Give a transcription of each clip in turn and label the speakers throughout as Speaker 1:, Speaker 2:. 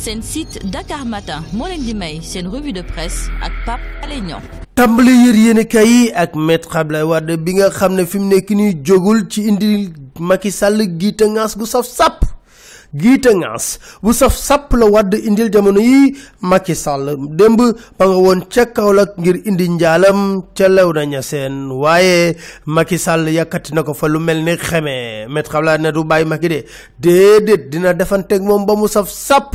Speaker 1: seen site Dakar Matin moo leen di may seen revue de presse ak Pape Alé Niang tàmbali yër yéenekaay yi ak maître Abdoulaye Wade bi nga xam ne fi mu nekk nii jógul ci indi Macky Sall gi te ngaas gu saf sàpp giite ngaas bu saf sàpp la wadd indil jamono yi makki Sall démb ba nga woon ca Kaolack ngir indi njaalam ca Léona seen waaye Macky sàll yàkkati na ko fa lu mel ni xeme Maître Abdoulaye ne du bàyyi Macky de déedéet dina defanteeg moom ba mu saf sàpp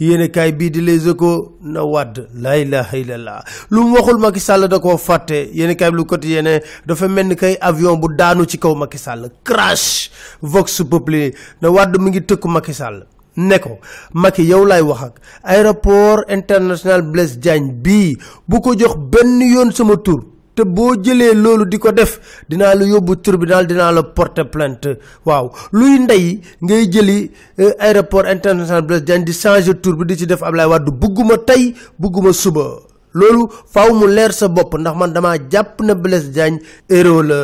Speaker 1: yéene kaay bii di Les Échos na wàdd la ilaha illallah lu mu waxul Macky Sall da koo fàtte yéene bi lu côté yéene dafa mel ni kay avion bu daanu ci kaw Macky Sall crash Vox Populi na wàdd mu ngi tëkku Macky Sall ne ko Macky yow laay wax ak aéroport international Blaise Diagne bii bu ko jox benn yoon sama tur te boo jëlee loolu di ko def dinaa la yóbbu tribunal dinaa la porter plainte waaw luy ndey ngay jëli euh, aéroport international Blaise Diagne di changer tur bi di si def Ablaye Wade bugguma tey bëgguma suba. loolu faaw mu leer sa bopp ndax man damaa jàpp na Blaise Diagne héros la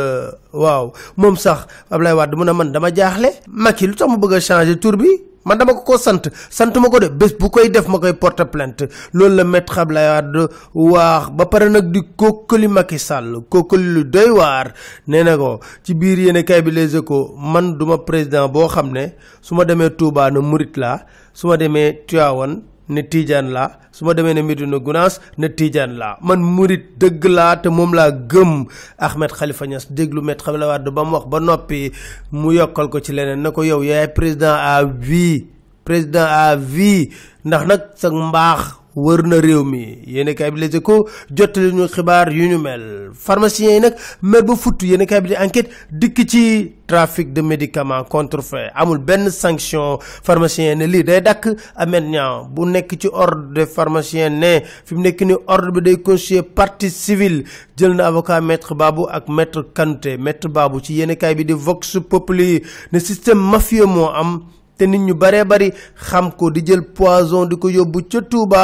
Speaker 1: waaw moom sax Ablaye Wade mu ne man dama jaaxle Macky lu tax mu bëgg a changer tur bi man dama ko ko sant sant ma ko de bés bu koy def ma koy porter plante loolu la maître Ablaye Wade waax ba pare nag di kookali Macky Sall kookali lu doy waar nee na ko ci biir yéen kay bi Les Échos man duma président boo xam ne su ma demee Touba murit la su ma demee Tivaouane ne tiijaan la su ma demee ne Médina Gounass ne tiijaan laa man murit dëgg laa te moom laa gëm Ahmed Khalifa Niass déglu Maître Abdoulaye Wade ba mu wax ba noppi mu yokkal ko ci leneen na ko yow yaay président à vie président à vie ndax nag sa mbaax wër na réew mi yéen kaay bi Les Échos jottali ñu xibaar yu ñu mel pharmaciens yi nag mer ba futt yéen kaay bi di enquête dikk ci trafic de médicaments contrefaits amul benn sanction pharmacien ne li day dakk amet ñaaw bu nekk ci ordre des pharmaciens ne fi mu nekk ni ordre bi day constituer partie civile jël na avocat maître baabu ak maître Kanouté maître baabu ci yéen kaay bi di Vox Populi ne système mafieux moo am te nit ñu baree bari xam ko di jël poison di ko yóbbu ca Touba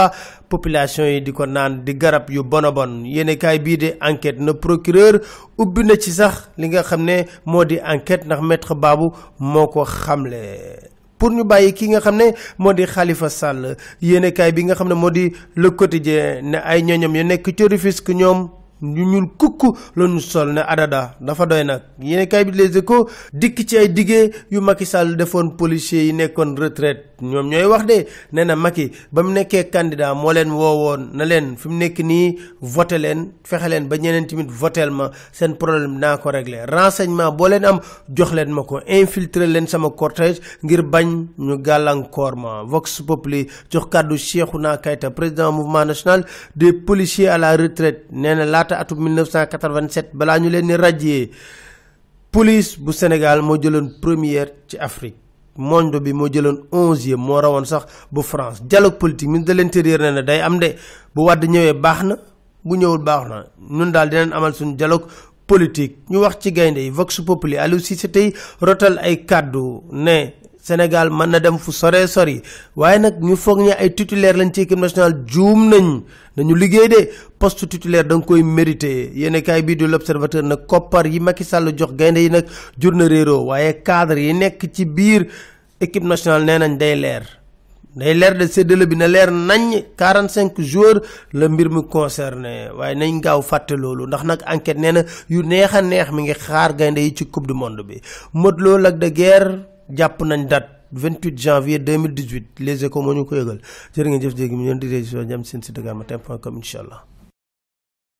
Speaker 1: population yi di ko naan di garab yu bon a bon yéenekaay bii de enquête na procureur ubbi na ci sax li nga xam ne moo di enquête ndax maître baabu moo ko xamle. pour ñu bàyyi kii nga xam ne moo di xalifa Sall yéenekaay bi nga xam ne moo di Le Quotidien ne ay ñoñom yu nekk ci Rufisque ñoom. ñu ñuul kukk lañu sol ne adada dafa doy nag yéen kay bi Les Échos dikk ci ay diggee yu Macky Sall defoon policiers yi nekkoon retraite ñoom ñooy wax de nee na Macky ba mu nekkee candidat moo leen woowoon na leen fi mu nekk nii voté leen fexe leen ba ñeneen tamit votel ma seen problème naa ko réglé renseignement boo leen am jox leen ma ko infiltré leen sama cortège ngir bañ ñu gàllankoor ma Vox Populi jox kàddu Cheikhouna Keita président mouvement national des policiers à la retraite nee na laata atum 1987 balaa ñu leen ni radier police bu Sénégal moo jëloon première ci Afrique monde bi moo jëloon onzième moo rawoon sax bu France dialogue politique ministre de na ne day am de bu wadd ñëwee baax na bu ñëwul baax na ñun daal dinañ amal suñu dialogue politique ñu wax ci gaynde yi Vox Populi Aliou Cissé tey rotal ay kàddu ne Sénégal mën na dem fu sore sori waaye nag ñu foog ni ay titulaire lañ ci équipe nationale juum nañ dañu liggéey de poste titulaire da koy mérité yéen kaay bii di l'observateur nag koppar yi Macky Sall jox gaynde yi nag jur na réeroo waaye cadre yi nekk ci biir équipe nationale nee nañ day leer day leer de séddale bi na leer nañ cinq jours la mbir mu concerné waaye nañ gaaw fàtte loolu ndax nag enquête nee na yu neex a neex mi ngi xaar gaynde yi ci coupe monde bi Modou Lo Lac de Guiers jàpp nañ date 28 janvier 2018 les échos moo ñu ko yëgal jërë jëf jéegi mu di région jàmm seen site Dakar Matin point com incha